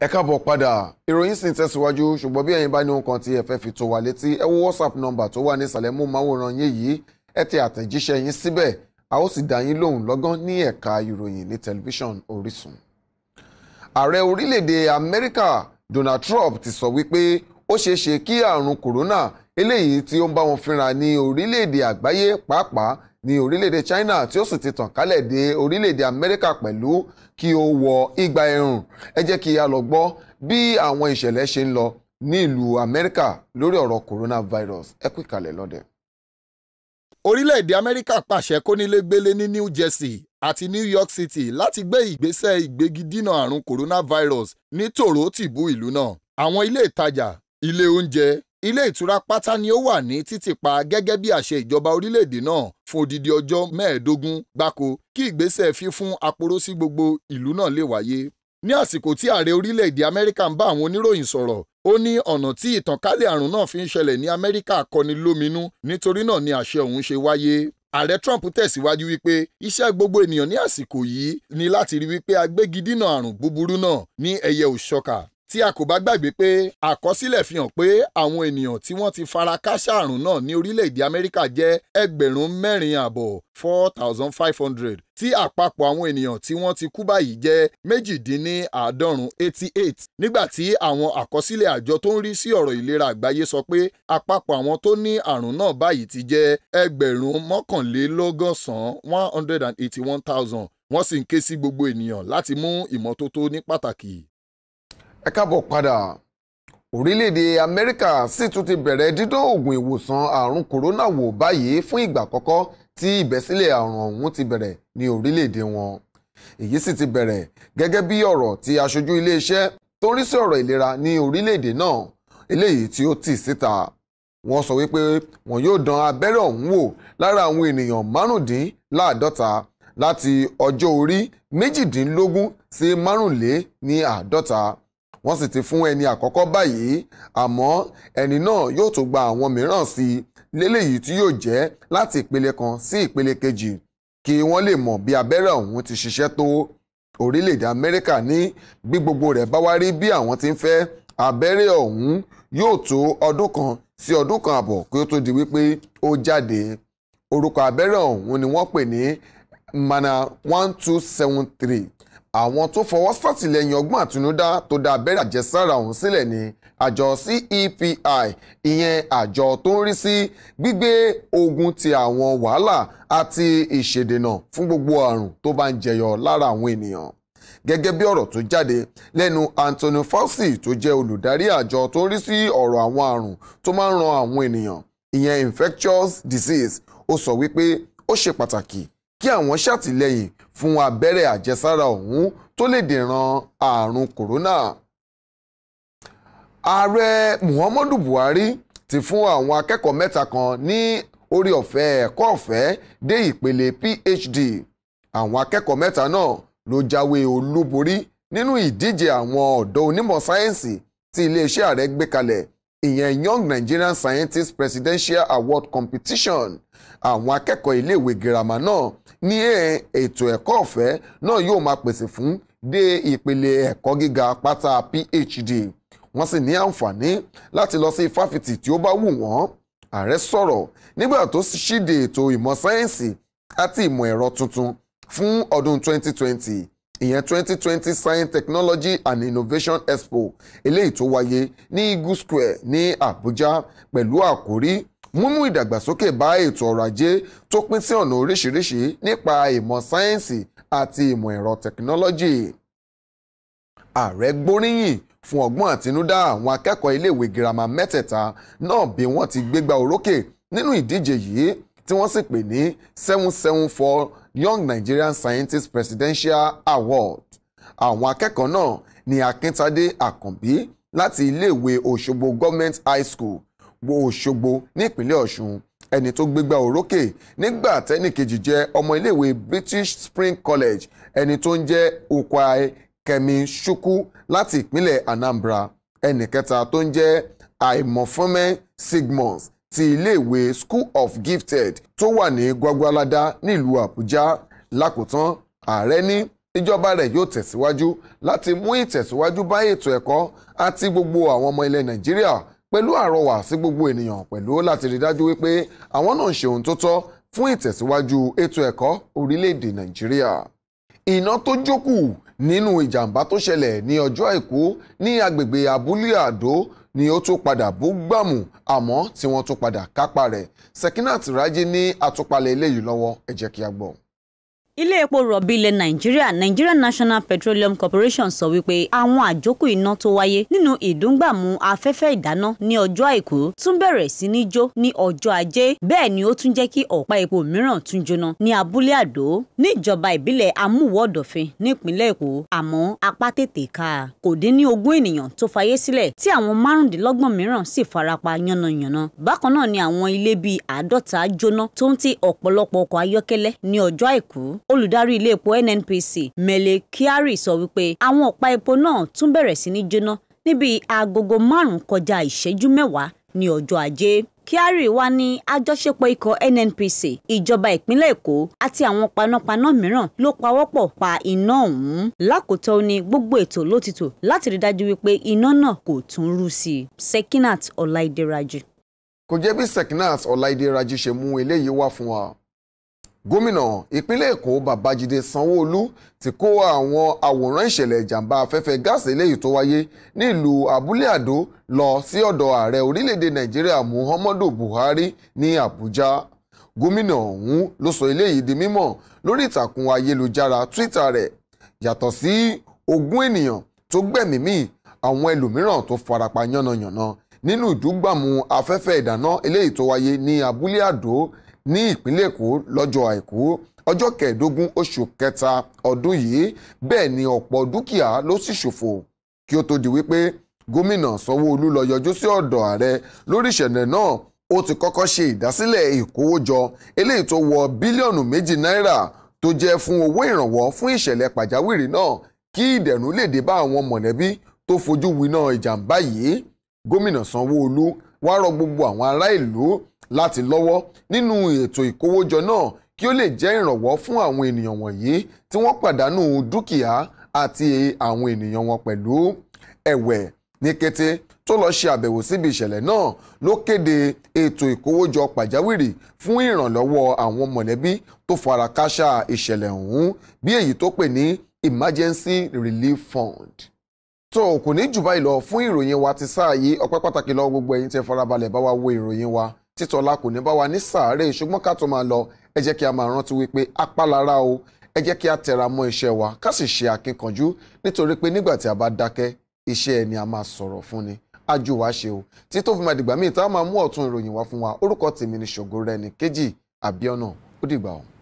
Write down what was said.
ẹ káàbọ̀ padà ìròyìn sì ń tẹ̀síwájú ṣùgbọ́n bí ẹ̀yin bá ní ohun kan tí ẹ fẹ́ fi tó wa létí ẹ wo whatsapp number tó wà ní ìsàlẹ̀ mú máwòrán yín yìí ẹ tẹ àtẹ̀jíṣẹ́ yín síbẹ̀ a ó sì dá yín lóhùn lọ́gán ní ẹ̀ka ìròyìn ní tẹlifíṣàn Orísun. ààrẹ orílẹ̀-èdè Amẹ́ríkà Donald Trump ti sọ wípé ó ṣeé ṣe kí àrùn kòrónà eléyìí tí ó ń bá wọn fínra ní orílẹ̀-èdè àgbáyé pàápàá ní orílẹ̀-èdè China tí ó sì ti tàn kálẹ̀ dé orílẹ̀-èdè Amẹ́ríkà pẹ̀lú kí ó wọ igba ẹ̀rùn ẹ jẹ́ kí a lọ gbọ́ bí àwọn ìṣẹ̀lẹ̀ ṣe ń lọ ní ìlú Amẹ́ríkà lórí ọ̀rọ̀ coronavirus ẹ kú ìkàlẹ̀ lọ́dẹ̀. orílẹ̀-èdè Amẹ́ríkà pàṣẹ kónílégbélé ní New Jersey àti New York City láti gbé ìgbésẹ̀ ìgbégidínà àrùn coronavirus ní tòró tìbú ìlú náà àwọn ilé ìtajà ilé oúnjẹ ilé ìtura pátá ni ó wà ní títìpa gẹ́gẹ́ bí àṣẹ ìjọba orílẹ̀-èdè náà fún odidi ọjọ́ mẹ́ẹ̀ẹ́dógún gbáko kí ìgbésẹ̀ fífún aporó sí gbogbo ìlú náà lè wáyé ní àsìkò tí ààrẹ orílẹ̀-èdè amẹ́ríkà ń bá àwọn oníròyìn sọ̀rọ̀ ó ní ọ̀nà tí ìtànkálẹ̀ àrùn náà fi ń ṣẹlẹ̀ ní amẹ́ríkà kọni lóminú nítorí náà ni àṣẹ ọ̀hún ṣe wáyé ààrẹ trump tẹ̀síwájú wípé iṣẹ́ gbogbo ènìyàn ní àsìkò yìí ni láti rí wípé agbégidínà àrùn búburú náà ní ẹyẹ òṣọ́ka tí a kò bá gbàgbé pé àkọsílẹ̀ fi hàn pé àwọn ènìyàn tí wọ́n ti fara káṣá àrùn náà ní orílẹ̀-èdè Amẹ́ríkà jẹ́ ẹgbẹ̀rún mẹ́rin àbọ̀ four thousand five hundred tí àpapọ̀ àwọn ènìyàn tí wọ́n ti kú báyìí jẹ́ méjìdínláàádọ́rùn eighty eight nígbà tí àwọn àkọsílẹ̀ àjọ tó ń rí sí ọ̀rọ̀ ìlera àgbáyé sọ pé àpapọ̀ àwọn tó ní àrùn náà báyìí ti jẹ́ ẹgbẹ̀rún mọ́kànlélọ́gọ́sàn-án one hundred and eighty one thousand wọ́n sì ń ké sí gbogbo ènìyàn láti mú ìmọ́tótó ní pàtàkì ẹ káàbọ̀ padà orílẹ̀-èdè amẹ́ríkà sì tún ti bẹ̀rẹ̀ dídán oògùn ìwòsàn àrùn kòrónà wò báyìí fún ìgbà àkọ́kọ́ tí ìbẹ́sílẹ̀ àrùn ọ̀hún ti bẹ̀rẹ̀ ní orílẹ̀-èdè wọn èyí sì ti bẹ̀rẹ̀ gẹ́gẹ́ bí ọ̀rọ̀ tí aṣojú iléeṣẹ́ tó ń rí sí ọ̀rọ̀ ìlera ní orílẹ̀-èdè náà eléyìí tí ó tì síta wọ́n sọ wípé wọn yóò dán abẹ́rẹ́ ọ̀hún wò lára àwọn ènìyàn márùndínláàdọ́ta láti ọjọ́ orí méjìdínlógún sí márùnléní wọ́n sì ti fún ẹni àkọ́kọ́ báyìí àmọ́ ẹni náà yóò tó gba àwọn mìíràn sí i léléyìí tí yóò jẹ́ láti ìpele kan sí ìpele kejì kí wọ́n lè mọ̀ bí abẹ́rẹ́ ọ̀hún ti ṣiṣẹ́ tó orílẹ̀-èdè Amẹ́ríkà ní bí gbogbo rẹ̀ bá wá rí bí àwọn ti ń fẹ́ abẹ́rẹ́ ọ̀hún yóò tó ọdún kan sí ọdún kan àbọ̀ kí ó tó di wípé ó jáde orúkọ abẹ́rẹ́ ọ̀hún ni wọ́n pè ní mana one two seven three àwọn tó fọwọ́ sátìlẹ́yìn ọgbọ́n àtinúdá tó dá abẹ́rẹ́ àjẹsára ọ̀hún sílẹ̀ ní àjọ CEPI ìyẹn àjọ tó ń rí sí gbígbé ogun ti àwọn wàhálà àti ìṣèdènà fún gbogbo àrùn tó bá ń jẹyọ lára àwọn ènìyàn gẹ́gẹ́ bí ọ̀rọ̀ tó jáde lẹ́nu Anthony Fauci tó jẹ́ olùdarí àjọ tó ń rí sí ọ̀rọ̀ àwọn àrùn tó máa ń ran àwọn ènìyàn ìyẹn infectious disease ó sọ wípé ó ṣe pàtàkì kí àwọn ṣàtìlẹ́yìn fún abẹ́rẹ́ àjẹsára ọ̀hún tó lè dènà àrùn kòrónà. ààrẹ Muhammadu Buhari ti fún àwọn akẹ́kọ̀ọ́ mẹ́ta kan ní orí ọ̀fẹ́ ẹ̀kọ́ ọ̀fẹ́ dé ìpele PhD àwọn akẹ́kọ̀ọ́ mẹ́ta náà ló jáwé olúborí nínú ìdíje àwọn ọ̀dọ́ onímọ̀ sáyẹ́ǹsì tí iléeṣẹ́ ààrẹ gbé kalẹ̀ ìyẹn Young Nigerian Scientist Presidential Award Competition àwọn akẹ́kọ̀ọ́ iléèwé girama náà ní ètò ẹ̀kọ́ ọ̀fẹ́ náà yóò máa pèsè fún dé ìpele ẹ̀kọ́ gíga pátá PhD wọ́n sì ní àǹfààní láti lọ sí fáfitì tí ó bá wù wọ́n ààrẹ sọ̀rọ̀ nígbà tó ṣíde ètò ìmọ̀ sáyẹ́ǹsì àti ìmọ̀ ẹ̀rọ tuntun fún ọdún 2020 ìyẹn twenty twenty science technology and innovation expo eléyìí tó wáyé ní Igu Square ní Abuja pẹ̀lú àkórí múmú ìdàgbàsókè bá ètò ọrọ̀ ajé tó pín sí ọ̀nà oríṣiríṣi nípa ìmọ̀ sáyẹ́ǹsì àti ìmọ̀ ẹ̀rọ tẹkinọ́lọ́jì. ààrẹ gbóríyìn fún ọgbọ́n àtinúdá àwọn akẹ́kọ̀ọ́ iléèwé girama mẹ́tẹ̀ẹ̀ta náà bí wọ́n ti gbégbá orókè nínú ìdíje yìí tí wọ́n sì pè ní seven seven four Young Nigerian Scientist Presidential Award àwọn akẹ́kọ̀ọ́ náà ni Akíntadé Àkànbí láti iléèwé Òṣogbo Government High School wo Òṣogbo nípínlẹ̀ Ọ̀ṣun ẹni tó gbégbá òrókè nígbà tẹ́nìkejì jẹ́ ọmọ iléèwé British Spring College ẹni tó ń jẹ́ Ukwai Kemi Shukwu láti ìpínlẹ̀ Anambra ẹnì kẹta tó ń jẹ́ Àìmọ̀fọ́mẹ́ Sigmons ti iléèwé School of Gifted tó wà ní Gwagwalada nílùú Àbújá lákòótán ààrẹ ní ìjọba rẹ̀ yóò tẹ̀síwájú láti mú ìtẹ̀síwájú bá ètò ẹ̀kọ́ àti gbogbo àwọn ọmọ ilẹ̀ Nàìjíríà pẹ̀lú àrọwà sí gbogbo ènìyàn pẹ̀lú láti rí dájú wípé àwọn náà ń ṣe ohun tó tọ́ fún ìtẹ̀síwájú ètò ẹ̀kọ́ orílẹ̀-èdè Nàìjíríà iná tó jókù nínú ìjàmbá tó ṣẹlẹ̀ ní ọjọ́ àìkú ní agbègbè abúlé àdó ni ó tún padà bú gbàmù àmọ́ tí wọ́n tún padà kápá rẹ̀ Sekinat Raji ní àtúpalẹ̀ eléyìí lọ́wọ́ ẹ kí a gbọ́ ilé epo rọ̀bì ilẹ̀ nàìjíríà Nigeria national petroleum corporation sọ wípé àwọn àjókù iná tó wáyé nínú ìdúngbàmù afẹ́fẹ́ ìdáná ní ọjọ́ àìkú tún bẹ̀rẹ̀ sí ní jó ní ọjọ́ ajé bẹ́ẹ̀ ni ó tún jẹ́ kí ọ̀pá epo mìíràn tún jóná ní abúlé àdó níjọba ìbílẹ̀ amúwọ̀dọ̀fin nípínlẹ̀ èkó àmọ́ apá tètè ká kò dín ní ogún ènìyàn tó fayé sílẹ̀ tí àwọn márùndínlọ́gbọ̀n mìíràn sì farapa yánnayànna bákan náà ni àwọn ilé bíi àádọ́ta jóná tó ń ti ọ̀pọ̀lọpọ̀ ọkọ̀ ayọ́kẹ́lẹ́ ní ọjọ́ àìkú olùdarí ilé epo nnpc mele kyari sọ wípé àwọn ọ̀pá epo náà tún bẹ̀rẹ̀ sí ní jóná níbi agogo márùn-ún kọjá ìṣẹ́jú mẹ́wàá ní ọjọ́ ajé kyari wà ní àjọṣepọ̀ ikọ̀ nnpc ìjọba ìpínlẹ̀ èkó àti àwọn panápaná mìíràn ló pawọ́pọ̀ pa iná ọ̀hún lákòótọ́ ni gbogbo ètò ló ti tò láti rí dájú wípé iná náà kò tún rú sí i sekinat ọláìdẹrajì. kò jẹ́ bí sekinat ọláìdẹrajì ṣe mú eléyìí wá fún wa gómìnà ìpínlẹ̀ èkó babájídé sanwóolu ti kó àwọn àwòrán ìṣẹ̀lẹ̀ ìjàmbá afẹ́fẹ́ gáàsì eléyìí tó wáyé nílùú abúlé àdó lọ sí ọ̀dọ̀ ààrẹ orílẹ̀-èdè nàìjíríà muhammadu buhari ní àbújá gómìnà ọ̀hún ló sọ eléyìí di mímọ̀ lórí ìtàkùn ayélujára twitter rẹ̀ yàtọ̀ sí ogún ènìyàn tó gbẹ̀mímì àwọn ẹlòmíràn tó farapa yánnayànna nínú ìdúgbàmù afẹ́fẹ́ ìdáná eléyìí tó wáyé ní abúlé àdó ní ìpínlẹ̀ Èkó lọ́jọ́ àìkú ọjọ́ kẹẹ̀ẹ́dógún oṣù kẹta ọdún yìí bẹ́ẹ̀ ni ọ̀pọ̀ dúkìá ló sì ṣòfò kí ó tó di wípé gómìnà Sanwó-Olú lọ yọjú sí ọ̀dọ̀ ààrẹ lórí ìṣẹ̀lẹ̀ náà ó ti kọ́kọ́ ṣe ìdásílẹ̀ ìkówójọ eléyìí tó wọ bílíọ̀nù méjì náírà tó jẹ́ fún owó ìrànwọ́ fún ìṣẹ̀lẹ̀ pàjáwìrì náà kí ìdẹ̀rùn lè dé bá àwọn mọ̀lẹ́bí tó fojú winá ìjàmbá yìí gómìnà sanwó wá rọ gbogbo àwọn ará ìlú láti lọ́wọ́ nínú ètò ìkówójọ náà kí ó lè jẹ́ ìrànwọ́ fún àwọn ènìyàn wọ̀nyí tí wọ́n pàdánù dúkìá àti àwọn ènìyàn wọn pẹ̀lú ẹ̀wẹ̀ ní kété tó lọ ṣe àbẹ̀wò síbi ìṣẹ̀lẹ̀ náà ló kéde ètò ìkówójọ pàjáwìrì fún ìrànlọ́wọ́ àwọn mọ̀lẹ́bí tó fara káṣá ìṣẹ̀lẹ̀ ọ̀hún bí èyí tó pè ní emergency relief fund tó kò ní jù báyìí lọ fún ìròyìn wa ti sáàyè ọpẹ́ pàtàkì lọ́wọ́ gbogbo ẹ̀yin tẹ́ farabalẹ̀ bá wa wo ìròyìn wa títọ́lá kò ní bá wa ní sàárè ṣùgbọ́n ká tó máa lọ ẹ jẹ́ kí a máa rántí wípé apálára o ẹ jẹ́ kí a tẹra mọ́ iṣẹ́ wa ká sì ṣe àkínkanjú nítorí pé nígbà tí a bá dákẹ́ iṣẹ́ ẹni a máa sọ̀rọ̀ fún ni ajú wa ṣe o tí tó fi máa dìgbà míì tá a máa mú ọ̀tún ìròyìn wá fún wa orúkọ tèmi ni ṣògo rẹ ní kejì àbíọ́nà ó dìgbà ọ̀hún.